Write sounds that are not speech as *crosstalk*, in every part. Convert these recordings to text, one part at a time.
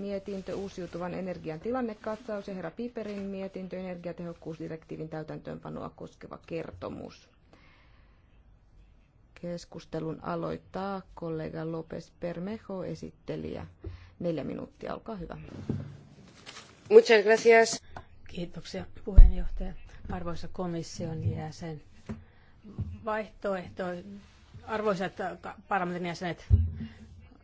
mietintö uusiutuvan energian tilannekatsaus ja herra Piperin mietintö energiatehokkuusdirektiivin täytäntöönpanoa koskeva kertomus. Keskustelun aloittaa kollega Lopes Permejo, esittelijä. Neljä minuuttia, olkaa hyvä. Muchas gracias. Kiitoksia puheenjohtaja. Arvoisa komission jäsen. Vaihtoehto, arvoisat parlamentin jäsenet,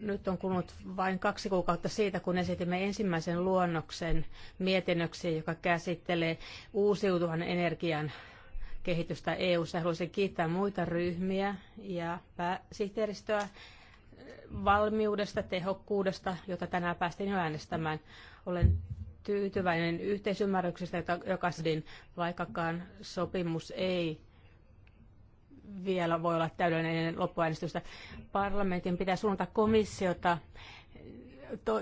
nyt on kulunut vain kaksi kuukautta siitä, kun esitimme ensimmäisen luonnoksen mietinnöksi, joka käsittelee uusiutuvan energian kehitystä eu Haluaisin kiittää muita ryhmiä ja pääsihteeristöä valmiudesta, tehokkuudesta, jota tänään päästiin jo äänestämään. Olen tyytyväinen yhteisymmärryksestä, joka, joka vaikkakaan sopimus ei vielä voi olla täydellinen ennen loppuäänestystä. Parlamentin pitää suunnata komissiota eh, to,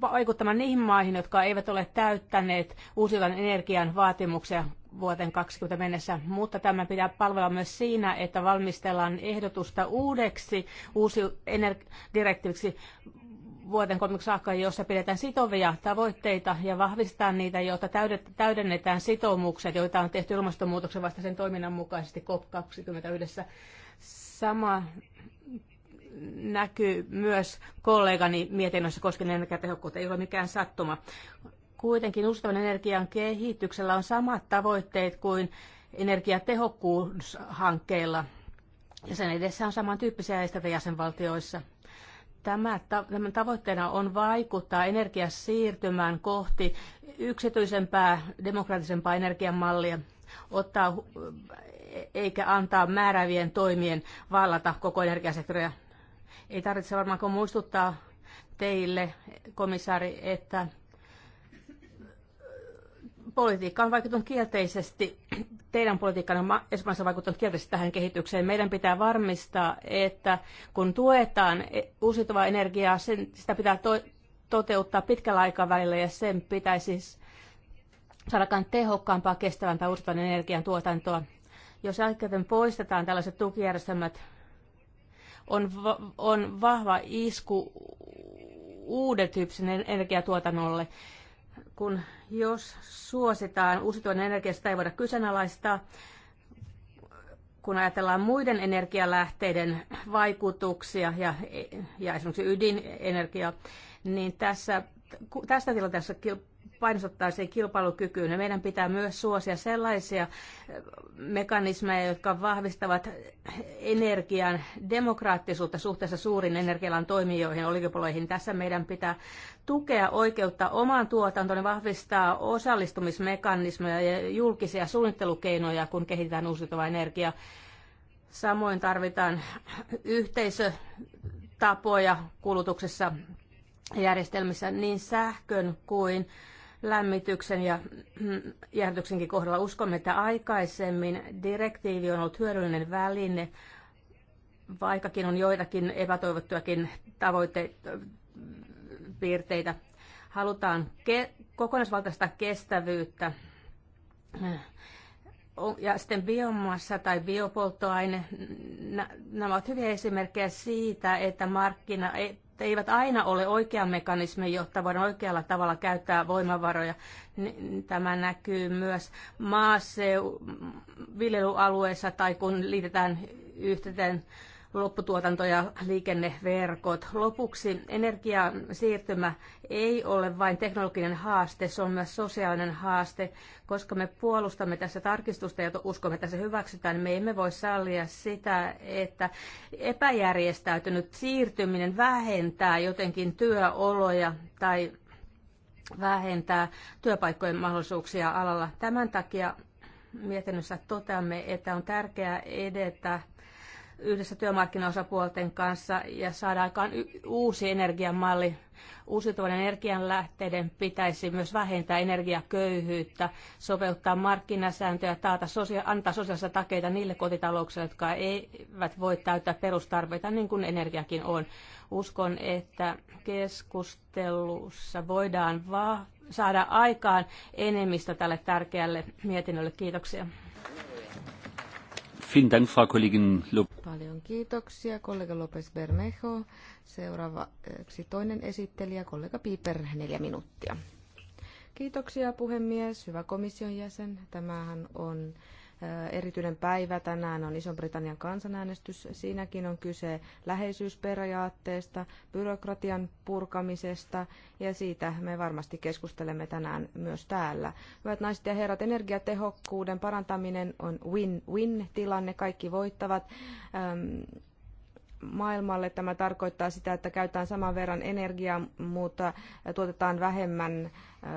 vaikuttamaan niihin maihin, jotka eivät ole täyttäneet uusiutuvan energian vaatimuksia vuoteen 2020 mennessä, mutta tämä pitää palvella myös siinä, että valmistellaan ehdotusta uudeksi uusi energi- direktiiviksi vuoden 30 saakka, jossa pidetään sitovia tavoitteita ja vahvistaa niitä, jotta täydennetään sitoumukset, joita on tehty ilmastonmuutoksen vastaisen toiminnan mukaisesti COP21. Sama näkyy myös kollegani mietinnössä koskien energiatehokkuutta, ei ole mikään sattuma. Kuitenkin uusiutuvan energian kehityksellä on samat tavoitteet kuin energiatehokkuushankkeilla, ja sen edessä on samantyyppisiä esteitä jäsenvaltioissa – Tämä, tämän tavoitteena on vaikuttaa energiasiirtymään kohti yksityisempää, demokraattisempaa energiamallia, ottaa, eikä antaa määrävien toimien vallata koko energiasektoria. Ei tarvitse varmaanko muistuttaa teille, komissaari, että politiikka on vaikuttanut kielteisesti, *clears throat* teidän politiikkanne on Espanjassa vaikuttanut kielteisesti tähän kehitykseen. Meidän pitää varmistaa, että kun tuetaan e-, uusiutuvaa energiaa, sen, sitä pitää to- toteuttaa pitkällä aikavälillä ja sen pitäisi saadakaan tehokkaampaa, kestävämpää uusiutuvan energian tuotantoa. Jos jälkikäteen poistetaan tällaiset tukijärjestelmät, on, va- on vahva isku uuden tyyppisen energiatuotannolle kun jos suositaan uusiutuvan energiasta ei voida kyseenalaistaa, kun ajatellaan muiden energialähteiden vaikutuksia ja, ja esimerkiksi ydinenergiaa, niin tässä, tästä tilanteessa painostettaisiin kilpailukykyyn. Ja meidän pitää myös suosia sellaisia eh, mekanismeja, jotka vahvistavat energian demokraattisuutta suhteessa suurin energialan toimijoihin, oligopoleihin. Tässä meidän pitää tukea oikeutta omaan tuotantoon ja vahvistaa osallistumismekanismeja ja julkisia suunnittelukeinoja, kun kehitetään uusiutuvaa energiaa. Samoin tarvitaan yhteisötapoja kulutuksessa järjestelmissä niin sähkön kuin lämmityksen ja *clears throat* jäähdytyksenkin kohdalla. Uskomme, että aikaisemmin direktiivi on ollut hyödyllinen väline, vaikkakin on joitakin epätoivottujakin tavoitepiirteitä. Halutaan ke- kokonaisvaltaista kestävyyttä ja sitten biomassa tai biopolttoaine, nämä ovat hyviä esimerkkejä siitä, että markkina ei eivät aina ole oikea mekanismi, jotta voidaan oikealla tavalla käyttää voimavaroja. Tämä näkyy myös maaseu, viljelyalueessa tai kun liitetään yhteen lopputuotanto ja liikenneverkot. Lopuksi energian siirtymä ei ole vain teknologinen haaste, se on myös sosiaalinen haaste. Koska me puolustamme tässä tarkistusta ja uskomme, että se hyväksytään, niin me emme voi sallia sitä, että epäjärjestäytynyt siirtyminen vähentää jotenkin työoloja tai vähentää työpaikkojen mahdollisuuksia alalla. Tämän takia mietinnössä toteamme, että on tärkeää edetä yhdessä työmarkkinaosapuolten kanssa ja saada aikaan uusi energiamalli. Uusiutuvan lähteiden pitäisi myös vähentää energiaköyhyyttä, sopeuttaa markkinasääntöjä, taata sosia- antaa sosiaalisia takeita niille kotitalouksille, jotka eivät voi täyttää perustarpeita, niin kuin energiakin on. Uskon, että keskustelussa voidaan saada aikaan enemmistö tälle tärkeälle mietinnölle. Kiitoksia. Paljon kiitoksia, kollega Lopez Bermejo. Seuraavaksi toinen esittelijä, kollega Piper, neljä minuuttia. Kiitoksia puhemies, hyvä komission jäsen. Tämähän on erityinen päivä. Tänään on Iso-Britannian kansanäänestys. Siinäkin on kyse läheisyysperiaatteesta, byrokratian purkamisesta ja siitä me varmasti keskustelemme tänään myös täällä. Hyvät naiset ja herrat, energiatehokkuuden parantaminen on win-win tilanne. Kaikki voittavat maailmalle. Tämä tarkoittaa sitä, että käytetään saman verran energiaa, mutta tuotetaan vähemmän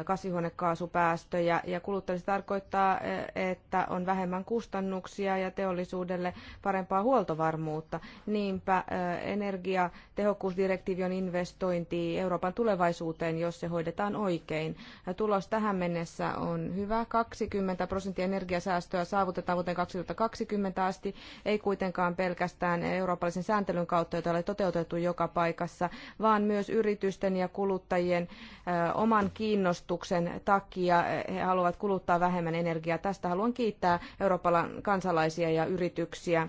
kasvihuonekaasupäästöjä ja kuluttamista tarkoittaa, että on vähemmän kustannuksia ja teollisuudelle parempaa huoltovarmuutta. Niinpä energiatehokkuusdirektiivi on investointi Euroopan tulevaisuuteen, jos se hoidetaan oikein. Tulos tähän mennessä on hyvä. 20 prosenttia energiasäästöä saavutetaan vuoteen 2020 asti, ei kuitenkaan pelkästään eurooppalaisen sääntelyn kautta, jota ei toteutettu joka paikassa, vaan myös yritysten ja kuluttajien oman kiinnostuksen arvostuksen takia he haluavat kuluttaa vähemmän energiaa. Tästä haluan kiittää Euroopan kansalaisia ja yrityksiä.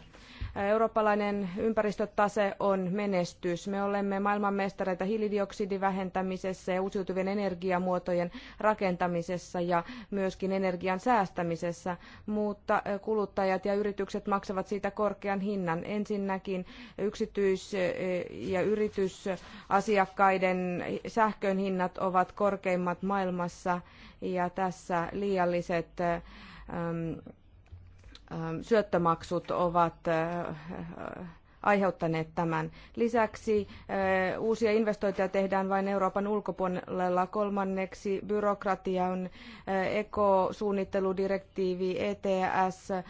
Eurooppalainen ympäristötase on menestys. Me olemme maailmanmestareita hiilidioksidin vähentämisessä ja uusiutuvien energiamuotojen rakentamisessa ja myöskin energian säästämisessä, mutta kuluttajat ja yritykset maksavat siitä korkean hinnan. Ensinnäkin yksityis- ja yritysasiakkaiden sähkön hinnat ovat korkeimmat maailmassa ja tässä liialliset ähm, syöttömaksut ovat aiheuttaneet tämän. Lisäksi eh, uusia investointeja tehdään vain Euroopan ulkopuolella. Kolmanneksi byrokratia on eh, ekosuunnitteludirektiivi, ETS, ehm,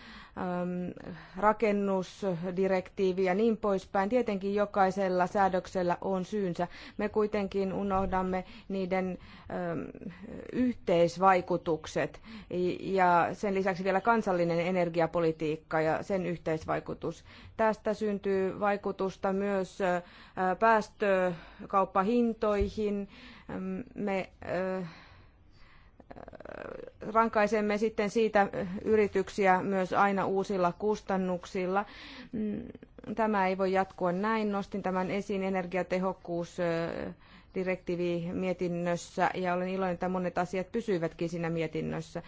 rakennusdirektiivi ja niin poispäin. Tietenkin jokaisella säädöksellä on syynsä. Me kuitenkin unohdamme niiden ehm, yhteisvaikutukset ja sen lisäksi vielä kansallinen energiapolitiikka ja sen yhteisvaikutus. Tästä syntyy liittyy vaikutusta myös päästökauppahintoihin. Me rankaisemme sitten siitä yrityksiä myös aina uusilla kustannuksilla. Tämä ei voi jatkua näin. Nostin tämän esiin energiatehokkuus direktiivi mietinnössä ja olen iloinen, että monet asiat pysyivätkin siinä mietinnössä.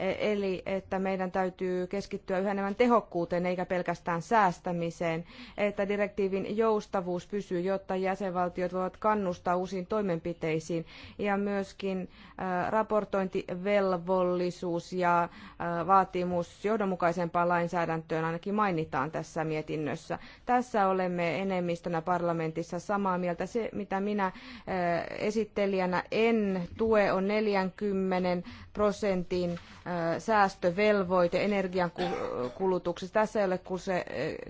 E, eli että meidän täytyy keskittyä yhä enemmän tehokkuuteen eikä pelkästään säästämiseen, että direktiivin joustavuus pysyy, jotta jäsenvaltiot voivat kannustaa uusiin toimenpiteisiin ja myöskin raportointivelvollisuus ja vaatimus johdonmukaisempaan lainsäädäntöön ainakin mainitaan tässä mietinnössä. Tässä olemme enemmistönä parlamentissa samaa mieltä. Se, mitä minä esittelijänä en tue, on 40 prosentin säästövelvoite energiankulutuksessa. Tässä ei ole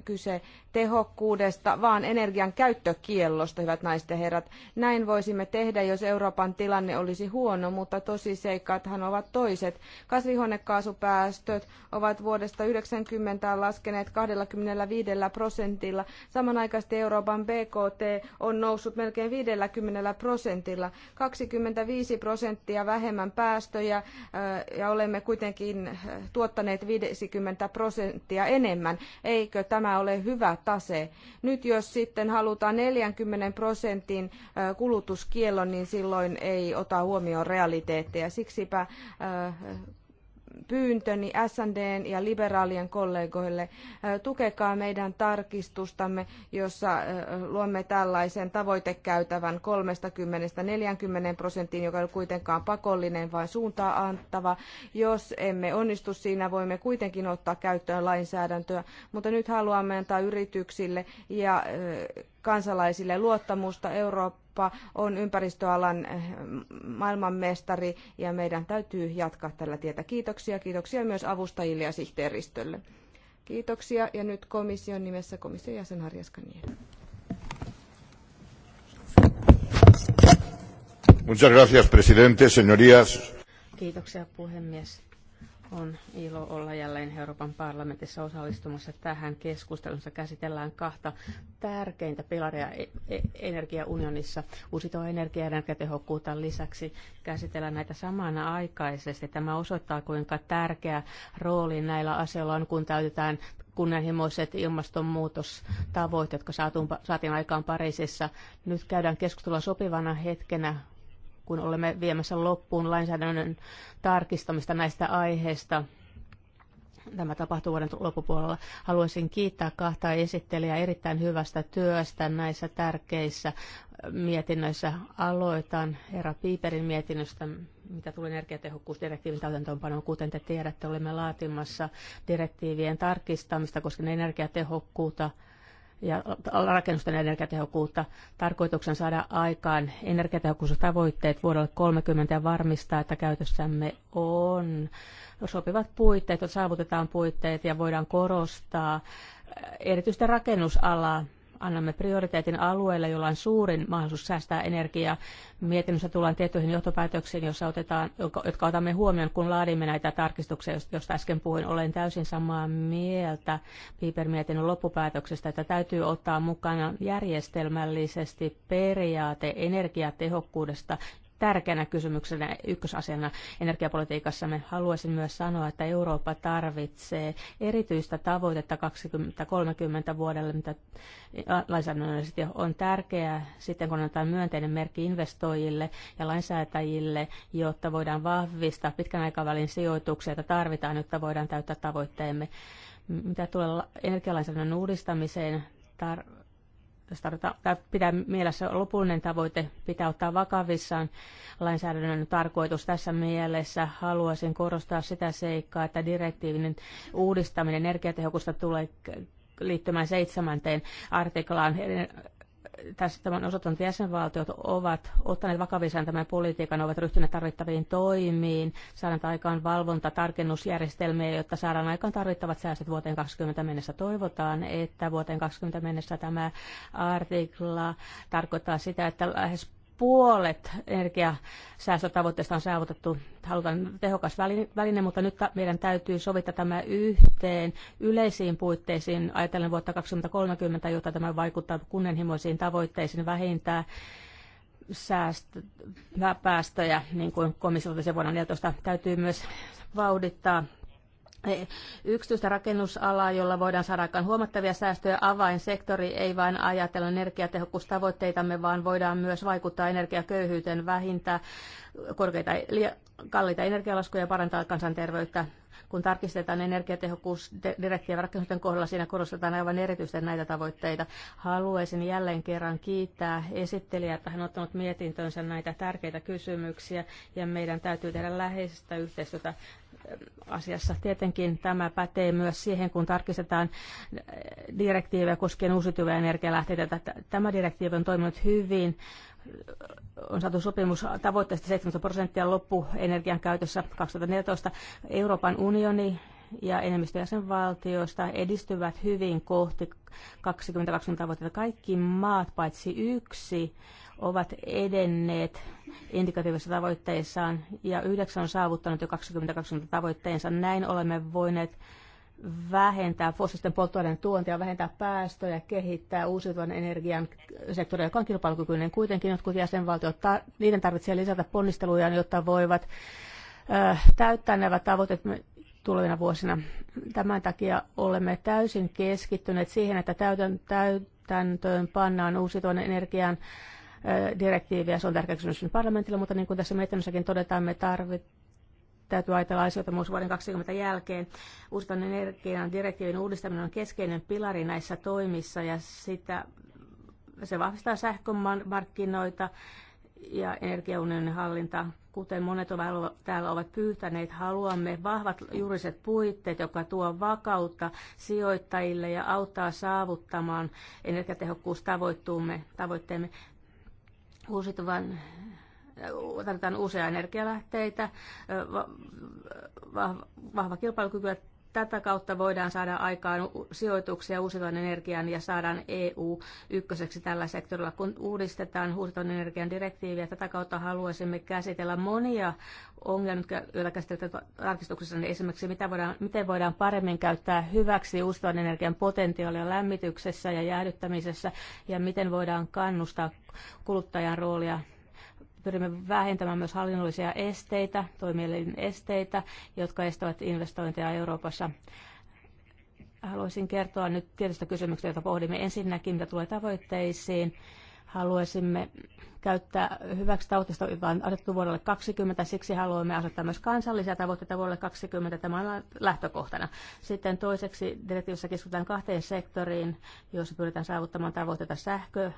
kyse tehokkuudesta, vaan energian käyttökiellosta, hyvät naiset ja herrat. Näin voisimme tehdä, jos Euroopan tilanne olisi huono, mutta tosiseikathan ovat toiset. Kasvihuonekaasupäästöt ovat vuodesta 90 laskeneet 25 prosentilla. Samanaikaisesti Euroopan BKT on noussut melkein 50 prosentilla. 25 prosenttia vähemmän päästöjä ja olemme kuitenkin tuottaneet 50 prosenttia enemmän. Eikö tämä ole hyvä tase. Nyt jos sitten halutaan 40 prosentin kulutuskielon, niin silloin ei ota huomioon realiteetteja. Siksipä pyyntöni SNDn ja liberaalien kollegoille. Tukekaa meidän tarkistustamme, jossa luomme tällaisen tavoitekäytävän 30-40 prosenttiin, joka ei ole kuitenkaan pakollinen, vaan suuntaa antava. Jos emme onnistu siinä, voimme kuitenkin ottaa käyttöön lainsäädäntöä, mutta nyt haluamme antaa yrityksille ja kansalaisille luottamusta. Eurooppa on ympäristöalan eh, maailmanmestari ja meidän täytyy jatkaa tällä tietä. Kiitoksia. Kiitoksia myös avustajille ja sihteeristölle. Kiitoksia ja nyt komission nimessä komission jäsen Harjaskanien. Muchas gracias, presidente, señorías. Kiitoksia puhemies. On ilo olla jälleen Euroopan parlamentissa osallistumassa tähän keskusteluun, käsitellään kahta tärkeintä pilaria e- e- energiaunionissa. Uusiutuva energia ja energiatehokkuutta lisäksi käsitellään näitä samana aikaisesti. Tämä osoittaa, kuinka tärkeä rooli näillä asioilla on, kun täytetään kunnianhimoiset ilmastonmuutostavoitteet, jotka saatiin aikaan Pariisissa. Nyt käydään keskustelua sopivana hetkenä kun olemme viemässä loppuun lainsäädännön tarkistamista näistä aiheista. Tämä tapahtuu vuoden loppupuolella. Haluaisin kiittää kahta esittelijää erittäin hyvästä työstä näissä tärkeissä mietinnöissä. Aloitan herra Piiperin mietinnöstä, mitä tulee energiatehokkuusdirektiivin täytäntöönpanoon. Kuten te tiedätte, olemme laatimassa direktiivien tarkistamista koskien energiatehokkuutta – ja rakennusten energiatehokkuutta. Tarkoituksen saada aikaan energiatehokkuustavoitteet vuodelle 30 ja varmistaa, että käytössämme on sopivat puitteet, että saavutetaan puitteet ja voidaan korostaa erityisesti rakennusalaa annamme prioriteetin alueelle, jolla on suurin mahdollisuus säästää energiaa. Mietinnössä tullaan tiettyihin johtopäätöksiin, jossa otetaan, jotka otamme huomioon, kun laadimme näitä tarkistuksia, joista äsken puhuin. Olen täysin samaa mieltä Piper-mietinnön loppupäätöksestä, että täytyy ottaa mukana järjestelmällisesti periaate energiatehokkuudesta, tärkeänä kysymyksenä ykkösasiana energiapolitiikassa. Me haluaisin myös sanoa, että Eurooppa tarvitsee erityistä tavoitetta 2030 vuodelle, mitä lainsäädännöllisesti on tärkeää sitten, kun annetaan myönteinen merkki investoijille ja lainsäätäjille, jotta voidaan vahvistaa pitkän aikavälin sijoituksia, joita tarvitaan, jotta voidaan täyttää tavoitteemme. Mitä tulee energialainsäädännön uudistamiseen, tar- Tämä pitää mielessä lopullinen tavoite, pitää ottaa vakavissaan lainsäädännön tarkoitus. Tässä mielessä haluaisin korostaa sitä seikkaa, että direktiivinen uudistaminen energiatehokusta tulee liittymään seitsemänteen artiklaan tässä tämän osoittanut jäsenvaltiot ovat ottaneet vakavisaan tämän politiikan, ovat ryhtyneet tarvittaviin toimiin, saadaan aikaan valvonta, tarkennusjärjestelmiä, jotta saadaan aikaan tarvittavat säästöt vuoteen 2020 mennessä. Toivotaan, että vuoteen 2020 mennessä tämä artikla tarkoittaa sitä, että lähes puolet energiasäästötavoitteista on saavutettu. Halutaan tehokas väline, mutta nyt meidän täytyy sovittaa tämä yhteen yleisiin puitteisiin ajatellen vuotta 2030, jotta tämä vaikuttaa kunnianhimoisiin tavoitteisiin vähintään säästö, päästöjä, niin kuin komissio totesi vuonna 2014, täytyy myös vauhdittaa yksityistä rakennusalaa, jolla voidaan saada aikaan huomattavia säästöjä. Avainsektori ei vain ajatella energiatehokkuustavoitteitamme, vaan voidaan myös vaikuttaa energiaköyhyyteen, vähintä korkeita, kalliita energialaskuja parantaa kansanterveyttä. Kun tarkistetaan energiatehokkuusdirektiivin rakennusten kohdalla, siinä korostetaan aivan erityisesti näitä tavoitteita. Haluaisin jälleen kerran kiittää esittelijää, että hän on ottanut mietintönsä näitä tärkeitä kysymyksiä ja meidän täytyy tehdä läheisestä yhteistyötä asiassa. Tietenkin tämä pätee myös siihen, kun tarkistetaan direktiivejä koskien uusiutuvia energialähteitä. Tämä direktiivi on toiminut hyvin. On saatu sopimus tavoitteesta 70 prosenttia loppuenergian käytössä 2014. Euroopan unioni ja enemmistö valtioista edistyvät hyvin kohti 2020 tavoitteita. Kaikki maat paitsi yksi ovat edenneet indikatiivisissa tavoitteissaan ja yhdeksän on saavuttanut jo 2020 tavoitteensa. Näin olemme voineet vähentää fossiilisten polttoaineiden tuontia, vähentää päästöjä, kehittää uusiutuvan energian sektoria, joka on kilpailukykyinen. Kuitenkin jotkut jäsenvaltiot, niiden tarvitsee lisätä ponnistelujaan, jotta voivat täyttää nämä tavoitteet tulevina vuosina. Tämän takia olemme täysin keskittyneet siihen, että täytäntöön pannaan uusiutuvan energian direktiiviä. Se on tärkeä kysymys parlamentille, mutta niin kuin tässä mietinnössäkin todetaan, me tarvitsemme täytyy ajatella asioita myös vuoden 2020 jälkeen. Uusiutuvan energian direktiivin uudistaminen on keskeinen pilari näissä toimissa ja sitä, se vahvistaa sähkömarkkinoita, ja energiaunionin hallinta, kuten monet täällä ovat pyytäneet, haluamme vahvat juriset puitteet, joka tuo vakautta sijoittajille ja auttaa saavuttamaan energiatehokkuustavoitteemme. uusituvan äh, tarvitaan uusia energialähteitä, äh, vahva kilpailukyky Tätä kautta voidaan saada aikaan sijoituksia uusiutuvan energian ja saadaan EU ykköseksi tällä sektorilla. Kun uudistetaan uusiutuvan energian direktiiviä, tätä kautta haluaisimme käsitellä monia ongelmia, joilla käsitellään tarkistuksessa, niin esimerkiksi mitä voidaan, miten voidaan paremmin käyttää hyväksi uusiutuvan energian potentiaalia lämmityksessä ja jäähdyttämisessä ja miten voidaan kannustaa kuluttajan roolia Pyrimme vähentämään myös hallinnollisia esteitä, toimielin esteitä, jotka estävät investointeja Euroopassa. Haluaisin kertoa nyt tietystä kysymyksestä, jota pohdimme ensinnäkin, mitä tulee tavoitteisiin haluaisimme käyttää hyväksi tavoitteista, joka on asetettu vuodelle 20. Siksi haluamme asettaa myös kansallisia tavoitteita vuodelle 20. Tämä on lähtökohtana. Sitten toiseksi direktiivissä keskitytään kahteen sektoriin, jossa pyritään saavuttamaan tavoitteita sähkö,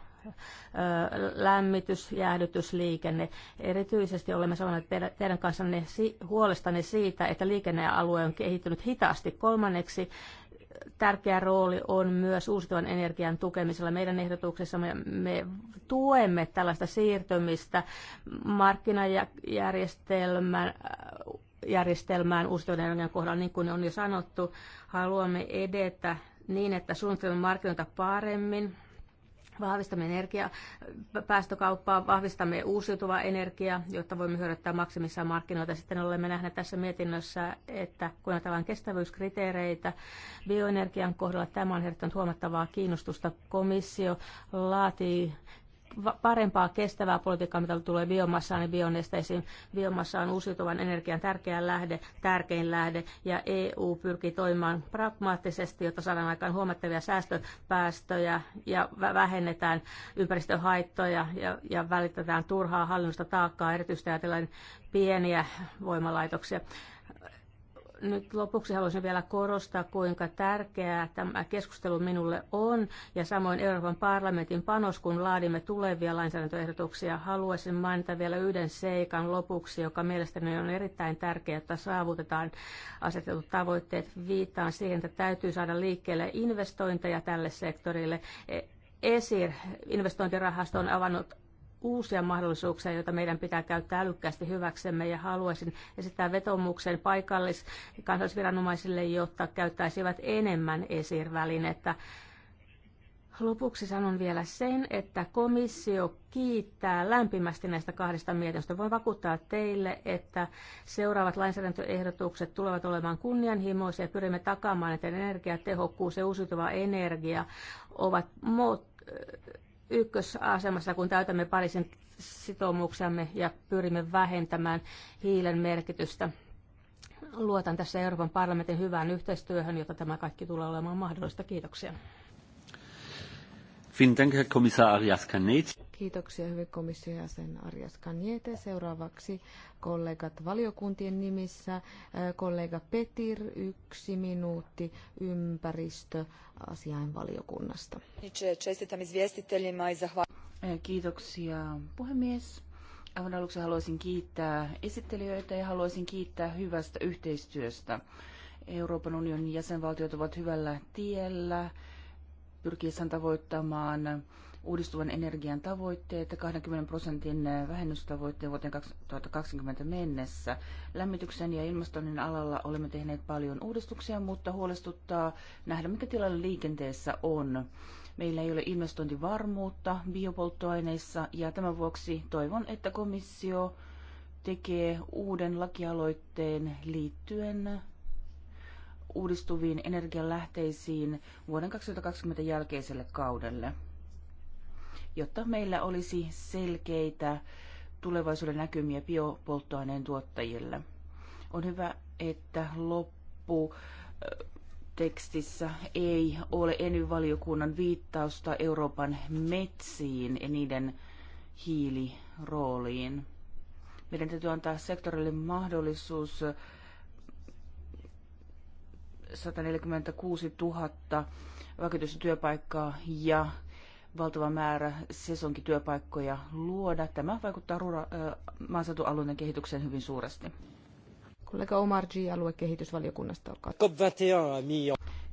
lämmitys, jäähdytys, liikenne. Erityisesti olemme sanoneet teidän kanssanne huolestanne siitä, että liikennealue on kehittynyt hitaasti. Kolmanneksi tärkeä rooli on myös uusiutuvan energian tukemisella. Meidän me, me tuemme tällaista siirtymistä markkinajärjestelmän järjestelmään uusiutuvan energian kohdalla, niin kuin on jo sanottu, haluamme edetä niin, että suunnittelemme markkinoita paremmin, Vahvistamme energia päästökauppaa, vahvistamme uusiutuvaa energiaa, jotta voimme hyödyttää maksimissaan markkinoita. Sitten olemme nähneet tässä mietinnössä, että kun ajatellaan kestävyyskriteereitä bioenergian kohdalla, tämä on herättänyt huomattavaa kiinnostusta. Komissio laatii parempaa kestävää politiikkaa, mitä tulee biomassaan ja bionesteisiin. Biomassa on uusiutuvan energian tärkeä lähde, tärkein lähde, ja EU pyrkii toimimaan pragmaattisesti, jotta saadaan aikaan huomattavia säästöpäästöjä ja vähennetään ympäristöhaittoja ja, ja välitetään turhaa hallinnosta taakkaa, erityisesti ajatellen pieniä voimalaitoksia nyt lopuksi haluaisin vielä korostaa, kuinka tärkeää tämä keskustelu minulle on ja samoin Euroopan parlamentin panos, kun laadimme tulevia lainsäädäntöehdotuksia. Haluaisin mainita vielä yhden seikan lopuksi, joka mielestäni on erittäin tärkeää, että saavutetaan asetetut tavoitteet. Viittaan siihen, että täytyy saada liikkeelle investointeja tälle sektorille. E- ESIR, investointirahasto, on avannut uusia mahdollisuuksia, joita meidän pitää käyttää älykkäästi hyväksemme ja haluaisin esittää vetomuksen paikallis- ja kansallisviranomaisille, jotta käyttäisivät enemmän esirvälinettä. Lopuksi sanon vielä sen, että komissio kiittää lämpimästi näistä kahdesta mietinnöstä. Voin vakuuttaa teille, että seuraavat lainsäädäntöehdotukset tulevat olemaan kunnianhimoisia. Pyrimme takaamaan, että energiatehokkuus ja uusiutuva energia ovat ykkösasemassa, kun täytämme Pariisin sitoumuksiamme ja pyrimme vähentämään hiilen merkitystä. Luotan tässä Euroopan parlamentin hyvään yhteistyöhön, jota tämä kaikki tulee olemaan mahdollista. Kiitoksia. Vielen Dank, Herr Kommissar Arias Canet. Kiitoksia hyvin komission jäsen Arjas Kanjete. Seuraavaksi kollegat valiokuntien nimissä. Kollega Petir, yksi minuutti ympäristöasiain valiokunnasta. Kiitoksia puhemies. Aivan aluksi haluaisin kiittää esittelijöitä ja haluaisin kiittää hyvästä yhteistyöstä. Euroopan unionin jäsenvaltiot ovat hyvällä tiellä pyrkiessään tavoittamaan uudistuvan energian tavoitteet ja 20 prosentin vähennystavoitteen vuoteen 2020 mennessä. Lämmityksen ja ilmastoinnin alalla olemme tehneet paljon uudistuksia, mutta huolestuttaa nähdä, mikä tilanne liikenteessä on. Meillä ei ole investointivarmuutta biopolttoaineissa ja tämän vuoksi toivon, että komissio tekee uuden lakialoitteen liittyen uudistuviin energianlähteisiin vuoden 2020 jälkeiselle kaudelle jotta meillä olisi selkeitä tulevaisuuden näkymiä biopolttoaineen tuottajille. On hyvä, että loppu tekstissä ei ole ENY-valiokunnan viittausta Euroopan metsiin ja niiden hiilirooliin. Meidän täytyy antaa sektorille mahdollisuus 146 000 vakituista työpaikkaa ja valtava määrä sesonkityöpaikkoja luoda. Tämä vaikuttaa ruura- maaseutualueiden kehitykseen hyvin suuresti. Kollega Omar G. aluekehitysvaliokunnasta, olkaa.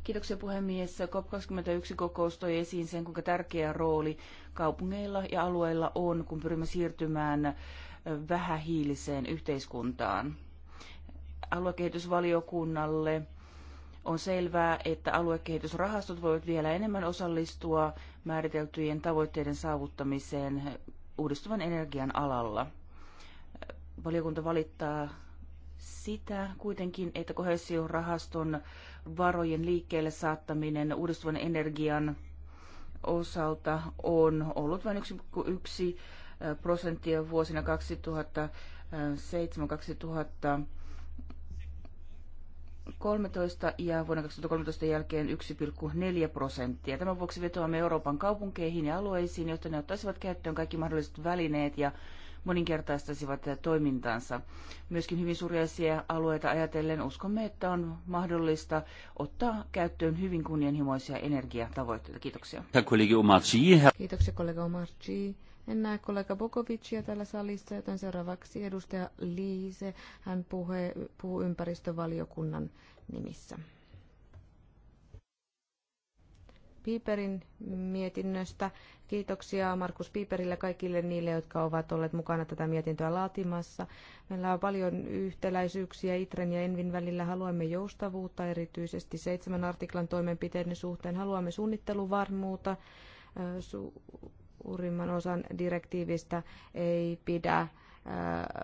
Kiitoksia puhemies. COP21-kokous toi esiin sen, kuinka tärkeä rooli kaupungeilla ja alueilla on, kun pyrimme siirtymään vähähiiliseen yhteiskuntaan. Aluekehitysvaliokunnalle on selvää, että aluekehitysrahastot voivat vielä enemmän osallistua määriteltyjen tavoitteiden saavuttamiseen uudistuvan energian alalla. Valiokunta valittaa sitä kuitenkin, että kohesiorahaston varojen liikkeelle saattaminen uudistuvan energian osalta on ollut vain 1,1 prosenttia vuosina 2007 2000 2013 ja vuonna 2013 jälkeen 1,4 prosenttia. Tämän vuoksi vetoamme Euroopan kaupunkeihin ja alueisiin, jotta ne ottaisivat käyttöön kaikki mahdolliset välineet ja moninkertaistaisivat toimintansa. Myöskin hyvin syrjäisiä alueita ajatellen uskomme, että on mahdollista ottaa käyttöön hyvin kunnianhimoisia energiatavoitteita. Kiitoksia. Kiitoksia kollega Omarci. En näe kollega Bokovicia täällä salissa, joten seuraavaksi edustaja Liise. Hän puhe, puhuu ympäristövaliokunnan nimissä. Piiperin mietinnöstä. Kiitoksia Markus Piiperille kaikille niille, jotka ovat olleet mukana tätä mietintöä laatimassa. Meillä on paljon yhtäläisyyksiä Itren ja Envin välillä. Haluamme joustavuutta erityisesti seitsemän artiklan toimenpiteiden suhteen. Haluamme suunnitteluvarmuutta, su- suurimman osan direktiivistä ei pidä äh,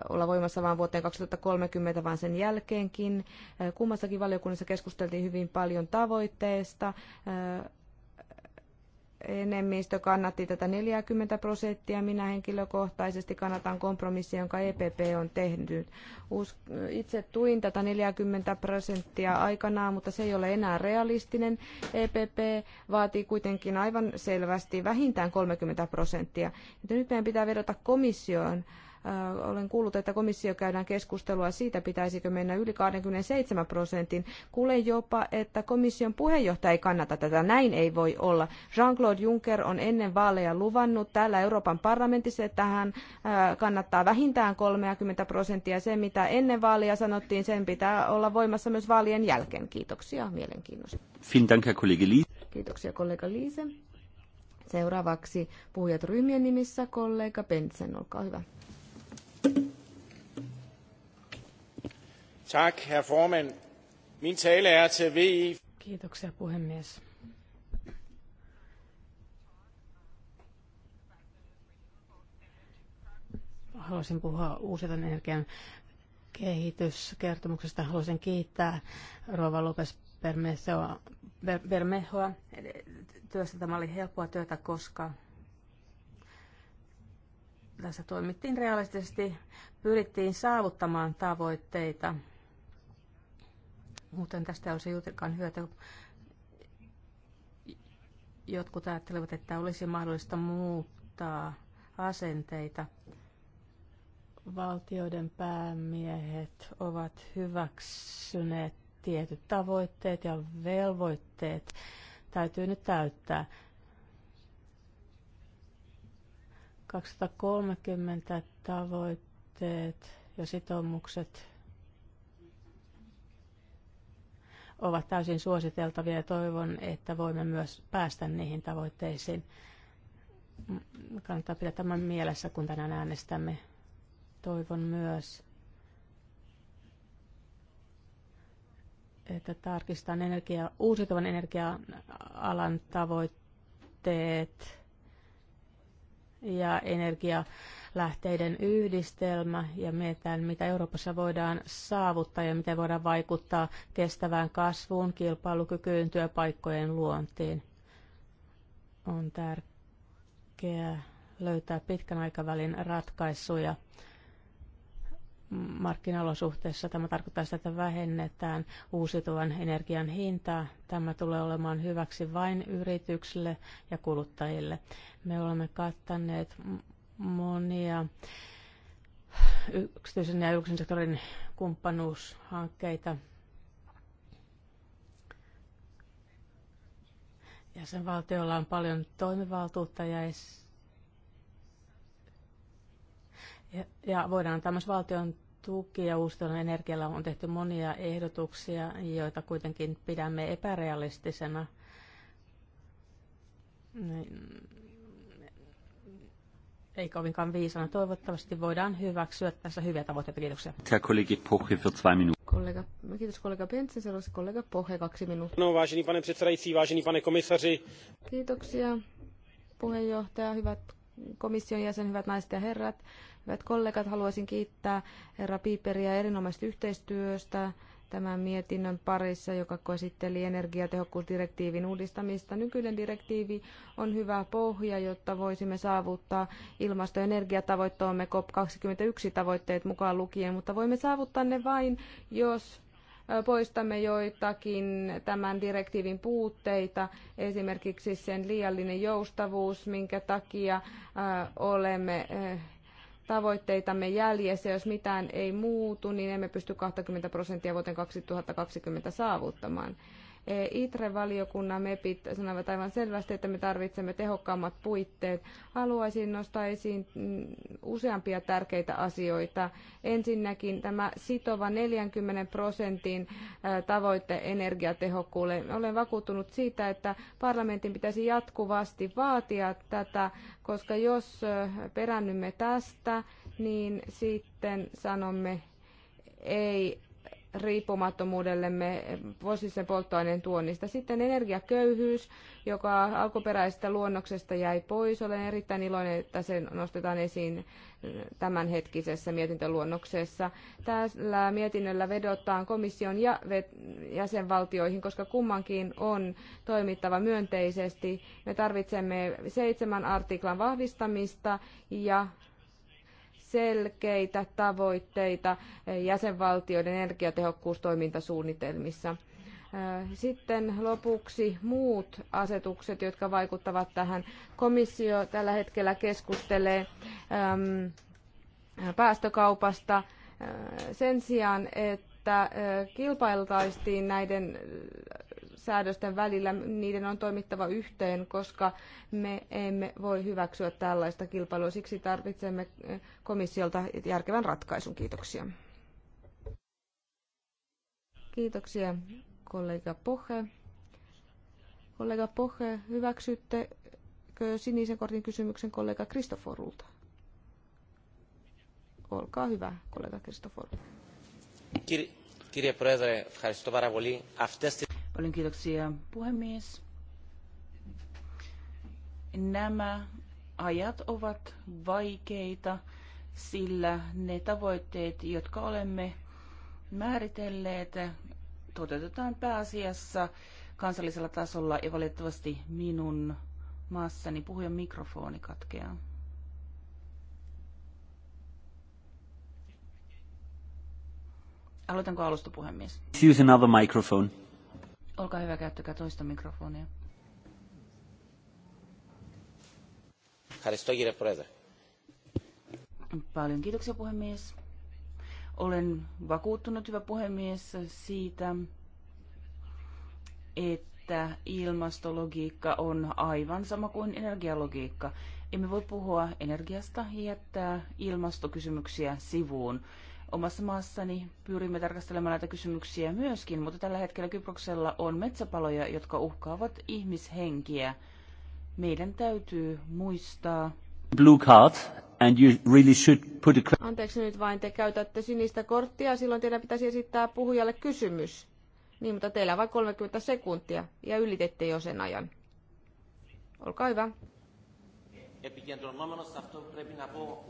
olla voimassa vain vuoteen 2030, vaan sen jälkeenkin. Äh, kummassakin valiokunnassa keskusteltiin hyvin paljon tavoitteesta, äh, enemmistö kannatti tätä 40 prosenttia. Minä henkilökohtaisesti kannatan kompromissia, jonka EPP on tehnyt. Itse tuin tätä 40 prosenttia aikanaan, mutta se ei ole enää realistinen. EPP vaatii kuitenkin aivan selvästi vähintään 30 prosenttia. Nyt meidän pitää vedota komissioon Äh, olen kuullut, että komissio käydään keskustelua siitä, pitäisikö mennä yli 27 prosentin. Kuulen jopa, että komission puheenjohtaja ei kannata tätä. Näin ei voi olla. Jean-Claude Juncker on ennen vaaleja luvannut täällä Euroopan parlamentissa, että hän äh, kannattaa vähintään 30 prosenttia. Se, mitä ennen vaaleja sanottiin, sen pitää olla voimassa myös vaalien jälkeen. Kiitoksia mielenkiinnosta. Kiitoksia kollega Liise. Seuraavaksi puhujat ryhmien nimissä kollega Pentsen, olkaa hyvä. Tak, herr formand. Min tale er til VE. Kiitoksia puhemies. Haluaisin puhua uusiutuvan energian kehityskertomuksesta. Haluaisin kiittää Rova Lopes Bermehoa. työstä tämä oli helppoa työtä, koska tässä toimittiin realistisesti, pyrittiin saavuttamaan tavoitteita – muuten tästä olisi juurikaan hyötyä. Jotkut ajattelevat, että olisi mahdollista muuttaa asenteita. Valtioiden päämiehet ovat hyväksyneet tietyt tavoitteet ja velvoitteet täytyy nyt täyttää. 230 tavoitteet ja sitoumukset ovat täysin suositeltavia ja toivon, että voimme myös päästä niihin tavoitteisiin. Mm, kannattaa pitää tämän mielessä, kun tänään äänestämme. Toivon myös, että tarkistan energia, uusiutuvan energia-alan tavoitteet ja energialähteiden yhdistelmä ja mietitään, mitä Euroopassa voidaan saavuttaa ja miten voidaan vaikuttaa kestävään kasvuun, kilpailukykyyn, työpaikkojen luontiin. On tärkeää löytää pitkän aikavälin ratkaisuja markkinaolosuhteissa. Tämä tarkoittaa sitä, että vähennetään uusiutuvan energian hintaa. Tämä tulee olemaan hyväksi vain yrityksille ja kuluttajille. Me olemme kattaneet monia yksityisen ja julkisen sektorin kumppanuushankkeita valtiolla on paljon toimivaltuutta ja Ja, ja voidaan tämmöisen valtion tuki ja uusiutuvalla energialla on tehty monia ehdotuksia, joita kuitenkin pidämme epärealistisena. Niin, ei kovinkaan viisana. Toivottavasti voidaan hyväksyä tässä hyviä tavoitteita. Kiitoksia. Kollega, kiitos kollega Pentsen, seuraavaksi kollega Pohe kaksi minuuttia. No, vážený pane předsedající, vážený pane komisaři. Kiitoksia puheenjohtaja, hyvät komission jäsen, hyvät naiset ja herrat. Hyvät kollegat, haluaisin kiittää herra Piiperiä erinomaisesta yhteistyöstä tämän mietinnön parissa, joka käsitteli energiatehokkuusdirektiivin uudistamista. Nykyinen direktiivi on hyvä pohja, jotta voisimme saavuttaa ilmasto- ja energiatavoitteemme COP21 tavoitteet mukaan lukien, mutta voimme saavuttaa ne vain, jos poistamme joitakin tämän direktiivin puutteita, esimerkiksi sen liiallinen joustavuus, minkä takia olemme tavoitteitamme jäljessä. Jos mitään ei muutu, niin emme pysty 20 prosenttia vuoteen 2020 saavuttamaan. ITRE-valiokunnan MEPit sanovat aivan selvästi, että me tarvitsemme tehokkaammat puitteet. Haluaisin nostaa esiin mm, useampia tärkeitä asioita. Ensinnäkin tämä sitova 40 prosentin tavoite energiatehokkuulle. Olen vakuuttunut siitä, että parlamentin pitäisi jatkuvasti vaatia tätä, koska jos perännymme tästä, niin sitten sanomme ei riippumattomuudellemme fossiilisen polttoaineen tuonnista. Sitten energiaköyhyys, joka alkuperäisestä luonnoksesta jäi pois. Olen erittäin iloinen, että se nostetaan esiin tämänhetkisessä mietintöluonnoksessa. Tällä mietinnöllä vedotaan komission ja jäsenvaltioihin, koska kummankin on toimittava myönteisesti. Me tarvitsemme seitsemän artiklan vahvistamista ja selkeitä tavoitteita jäsenvaltioiden energiatehokkuustoimintasuunnitelmissa. Äh, sitten lopuksi muut asetukset, jotka vaikuttavat tähän. Komissio tällä hetkellä keskustelee päästökaupasta äh, sen sijaan, että äh, kilpailtaistiin näiden säädösten välillä, niiden on toimittava yhteen, koska me emme voi hyväksyä tällaista kilpailua. Siksi tarvitsemme eh, komissiolta järkevän ratkaisun. Kiitoksia. Kiitoksia kollega Pohe. Kollega Pohe, hyväksyttekö sinisen kortin kysymyksen kollega Kristoforulta? Olkaa hyvä, kollega Kristofor. Κύριε Πρόεδρε, ευχαριστώ Paljon kiitoksia puhemies. Nämä ajat ovat vaikeita, sillä ne tavoitteet, jotka olemme määritelleet, toteutetaan pääasiassa kansallisella tasolla ja valitettavasti minun maassani puhujan mikrofoni katkeaa. Aloitanko alusta puhemies? Use another microphone. Olkaa hyvä, käyttäkää toista mikrofonia. Paljon kiitoksia puhemies. Olen vakuuttunut, hyvä puhemies, siitä, että ilmastologiikka on aivan sama kuin energialogiikka. Emme voi puhua energiasta ja jättää ilmastokysymyksiä sivuun omassa maassani pyrimme tarkastelemaan näitä kysymyksiä myöskin, mutta tällä hetkellä Kyproksella on metsäpaloja, jotka uhkaavat ihmishenkiä. Meidän täytyy muistaa... Blue card, and you really should put a... Anteeksi nyt vain, te käytätte sinistä korttia, silloin teidän pitäisi esittää puhujalle kysymys. Niin, mutta teillä on vain 30 sekuntia, ja ylitette jo sen ajan. Olkaa hyvä επικεντρωνόμενος σε αυτό που πρέπει να πω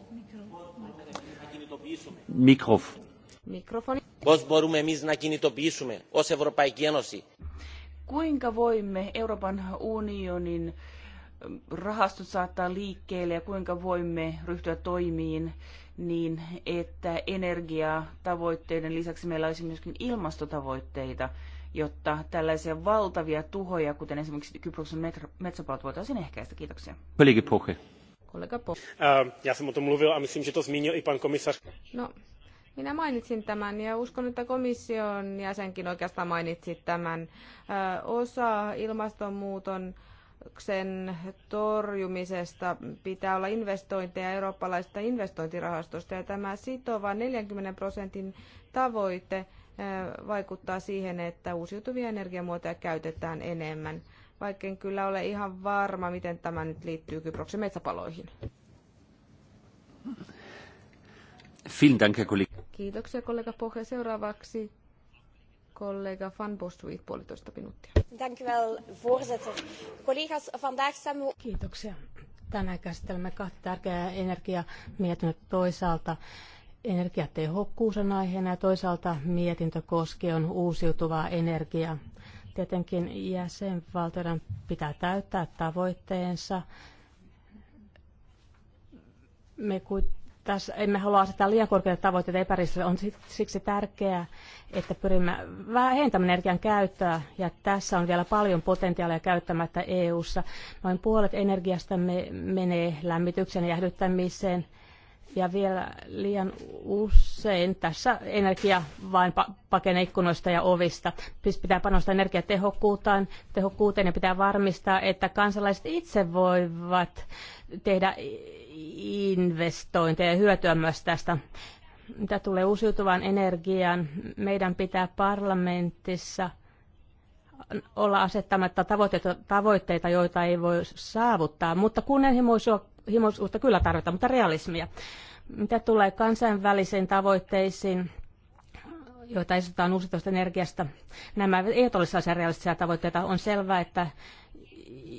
να κινητοποιήσουμε. Μικρόφωνο. Mikrofoni. μπορούμε εμείς να κινητοποιήσουμε ως Ευρωπαϊκή Ένωση. Kuinka voimme Euroopan unionin rahastot saattaa liikkeelle ja kuinka voimme ryhtyä toimiin niin, että energiatavoitteiden lisäksi meillä olisi myöskin ilmastotavoitteita jotta tällaisia valtavia tuhoja, kuten esimerkiksi Kyproksen metsäpalot, voitaisiin ehkäistä. Kiitoksia. Kollega Poch. Ja jsem o mluvil a myslím, že to zmínil i pan komisař. No, minä mainitsin tämän ja uskon, että komission jäsenkin oikeastaan mainitsi tämän. osa ilmastonmuuton sen torjumisesta pitää olla investointeja eurooppalaisesta investointirahastosta ja tämä sitova 40 prosentin tavoite vaikuttaa siihen, että uusiutuvia energiamuotoja käytetään enemmän. Vaikka en kyllä ole ihan varma, miten tämä nyt liittyy Kyproksen metsäpaloihin. Kiitoksia kollega Pohja. Seuraavaksi kollega Van Bostuit, puolitoista minuuttia. Kiitoksia. Tänään käsittelemme kahta tärkeää energiamietinnöt toisaalta energiatehokkuus on aiheena ja toisaalta mietintö koskee on uusiutuvaa energiaa. Tietenkin jäsenvaltioiden pitää täyttää tavoitteensa. Me kuitenkin tässä emme halua asettaa liian korkeita tavoitteita epäristille. On siksi tärkeää, että pyrimme vähentämään energian käyttöä, ja tässä on vielä paljon potentiaalia käyttämättä EU-ssa. Noin puolet energiasta me menee lämmitykseen ja jähdyttämiseen. Ja vielä liian usein tässä energia vain pa- pakenee ikkunoista ja ovista. Siis pitää panostaa energiatehokkuuteen tehokkuuteen ja pitää varmistaa, että kansalaiset itse voivat tehdä investointeja ja hyötyä myös tästä. Mitä tulee uusiutuvaan energiaan, meidän pitää parlamentissa olla asettamatta tavoitteita, tavoitteita joita ei voi saavuttaa, mutta kunnianhimoisuus himoisuutta kyllä tarvitaan, mutta realismia. Mitä tulee kansainvälisiin tavoitteisiin, joita esitetään uusitoista energiasta, nämä eivät ole sellaisia realistisia tavoitteita. On selvää, että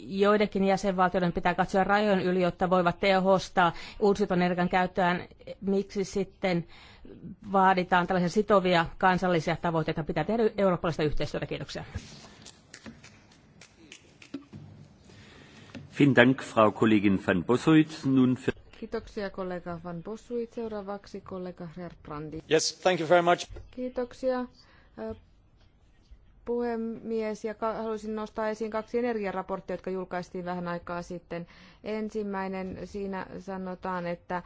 joidenkin jäsenvaltioiden pitää katsoa rajojen yli, jotta voivat tehostaa uusiton energian käyttöään. Miksi sitten vaaditaan tällaisia sitovia kansallisia tavoitteita? Pitää tehdä eurooppalaista yhteistyötä. Kiitoksia. Kiitoksia kollega Van Bossuit. Seuraavaksi kollega Herbrandi. Yes, thank you very much. Kiitoksia puhemies, ja haluaisin nostaa esiin kaksi energiaraporttia, jotka julkaistiin vähän aikaa sitten. Ensimmäinen, siinä sanotaan, että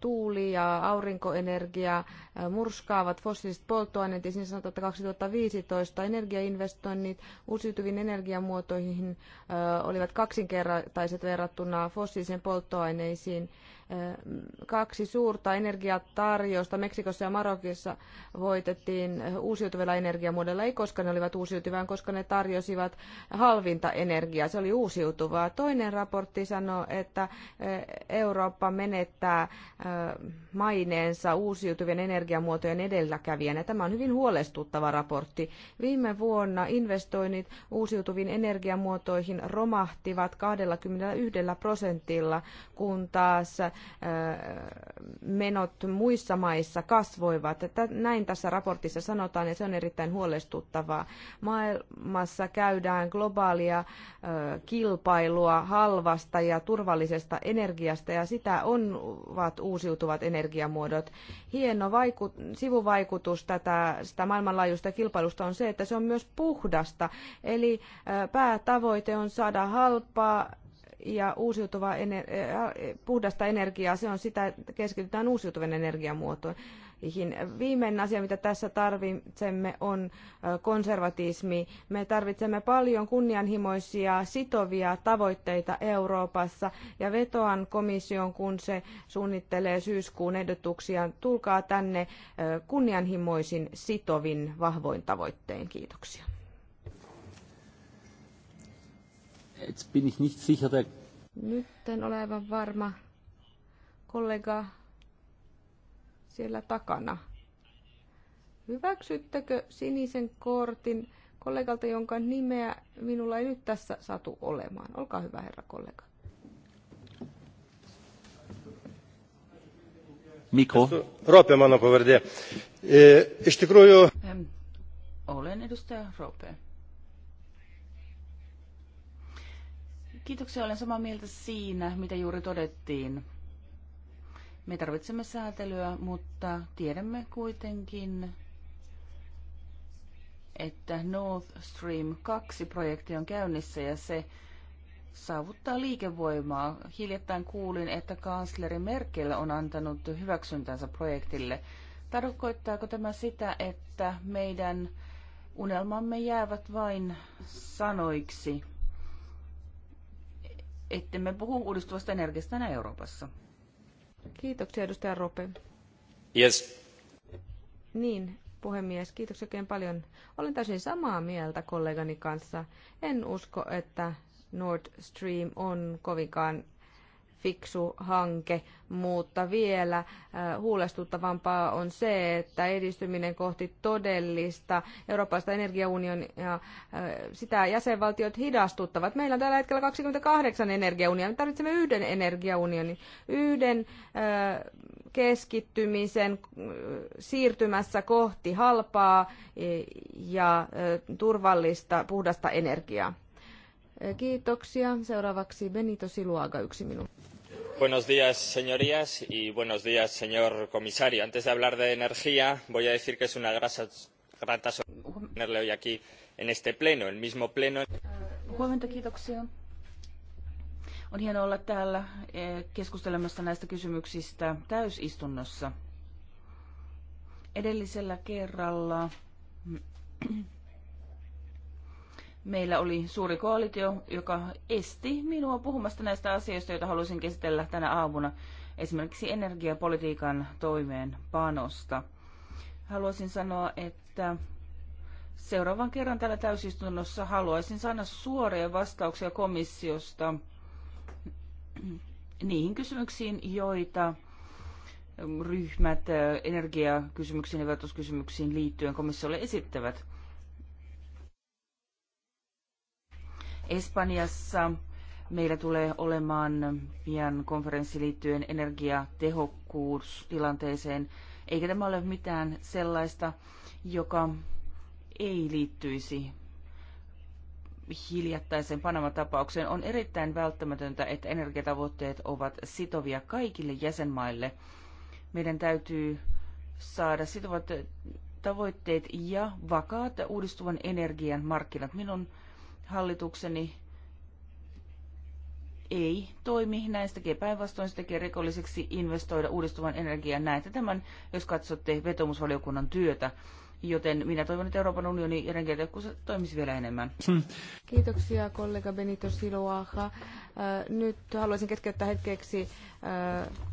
tuuli ja aurinkoenergia murskaavat fossiiliset polttoaineet, ja siinä sanotaan, että 2015 energiainvestoinnit uusiutuviin energiamuotoihin olivat kaksinkertaiset verrattuna fossiilisiin polttoaineisiin. Kaksi suurta energiatarjousta Meksikossa ja Marokissa voitettiin uusiutuvilla energiamuodoilla, ei koska ne olivat uusiutuvia, vaan koska ne tarjosivat halvinta energiaa. Se oli uusiutuvaa. Toinen raportti sanoo, että Eurooppa menettää maineensa uusiutuvien energiamuotojen edelläkävijänä. Tämä on hyvin huolestuttava raportti. Viime vuonna investoinnit uusiutuviin energiamuotoihin romahtivat 21 prosentilla, kun taas menot muissa maissa kasvoivat. Näin tässä raportissa sanotaan ja se on erittäin huolestuttavaa. Maailmassa käydään globaalia kilpailua halvasta ja turvallisesta energiasta ja sitä ovat uusiutuvat energiamuodot. Hieno vaikut, sivuvaikutus tätä, sitä maailmanlaajuista kilpailusta on se, että se on myös puhdasta. Eli päätavoite on saada halpaa ja uusiutuvaa ener- puhdasta energiaa, se on sitä, että keskitytään uusiutuvan energiamuotoihin. Viimeinen asia, mitä tässä tarvitsemme, on konservatismi. Me tarvitsemme paljon kunnianhimoisia, sitovia tavoitteita Euroopassa ja vetoan komission, kun se suunnittelee syyskuun ehdotuksia. Tulkaa tänne kunnianhimoisin, sitovin, vahvoin tavoitteen Kiitoksia. Jetzt bin ich nicht sicher, der... Nyt en ole aivan varma, kollega siellä takana. Hyväksyttekö sinisen kortin kollegalta, jonka nimeä minulla ei nyt tässä satu olemaan? Olkaa hyvä, herra kollega. Mikko. Rope mano olen Olen edustaja Rope. Kiitoksia, olen samaa mieltä siinä, mitä juuri todettiin. Me tarvitsemme säätelyä, mutta tiedämme kuitenkin, että North Stream 2-projekti on käynnissä ja se saavuttaa liikevoimaa. Hiljattain kuulin, että kansleri Merkel on antanut hyväksyntänsä projektille. Tarkoittaako tämä sitä, että meidän unelmamme jäävät vain sanoiksi? että me puhu uudistuvasta energiasta enää Euroopassa. Kiitoksia, edustaja Rope. Yes. Niin, puhemies, kiitoksia oikein paljon. Olen täysin samaa mieltä kollegani kanssa. En usko, että Nord Stream on kovinkaan fiksu hanke, mutta vielä äh, huolestuttavampaa on se, että edistyminen kohti todellista eurooppalaista energiaunionia, äh, sitä jäsenvaltiot hidastuttavat. Meillä on tällä hetkellä 28 energiaunionia, me tarvitsemme yhden energiaunionin, yhden äh, keskittymisen siirtymässä kohti halpaa e, ja turvallista puhdasta energiaa. Kiitoksia. Seuraavaksi Benito Siluaga, yksi minuutti. Buenos días, señorías, y buenos días, señor comisario. Antes de hablar de energía, voy a decir que es una grasa, grata sorpresa tenerle hoy aquí en este pleno, el mismo pleno. Huomenta, kiitoksia. On hienoa olla täällä eh, keskustelemassa näistä kysymyksistä täysistunnossa. Edellisellä kerralla meillä oli suuri koalitio, joka esti minua puhumasta näistä asioista, joita halusin käsitellä tänä aamuna, esimerkiksi energiapolitiikan toimeenpanosta. Haluaisin sanoa, että seuraavan kerran täällä täysistunnossa haluaisin saada suoria vastauksia komissiosta niihin kysymyksiin, joita ryhmät energiakysymyksiin ja verotuskysymyksiin liittyen komissiolle esittävät Espanjassa meillä tulee olemaan pian konferenssi liittyen energiatehokkuustilanteeseen, eikä tämä ole mitään sellaista, joka ei liittyisi hiljattaisen Panama-tapaukseen. On erittäin välttämätöntä, että energiatavoitteet ovat sitovia kaikille jäsenmaille. Meidän täytyy saada sitovat tavoitteet ja vakaat uudistuvan energian markkinat. Minun hallitukseni ei toimi. Näin päinvastoin, se tekee rikolliseksi investoida uudistuvan energiaan. Näette tämän, jos katsotte vetomusvaliokunnan työtä. Joten minä toivon, että Euroopan unioni energiatehokkuus toimisi vielä enemmän. Hmm. Kiitoksia kollega Benito Siloaha. Äh, nyt haluaisin keskeyttää hetkeksi äh,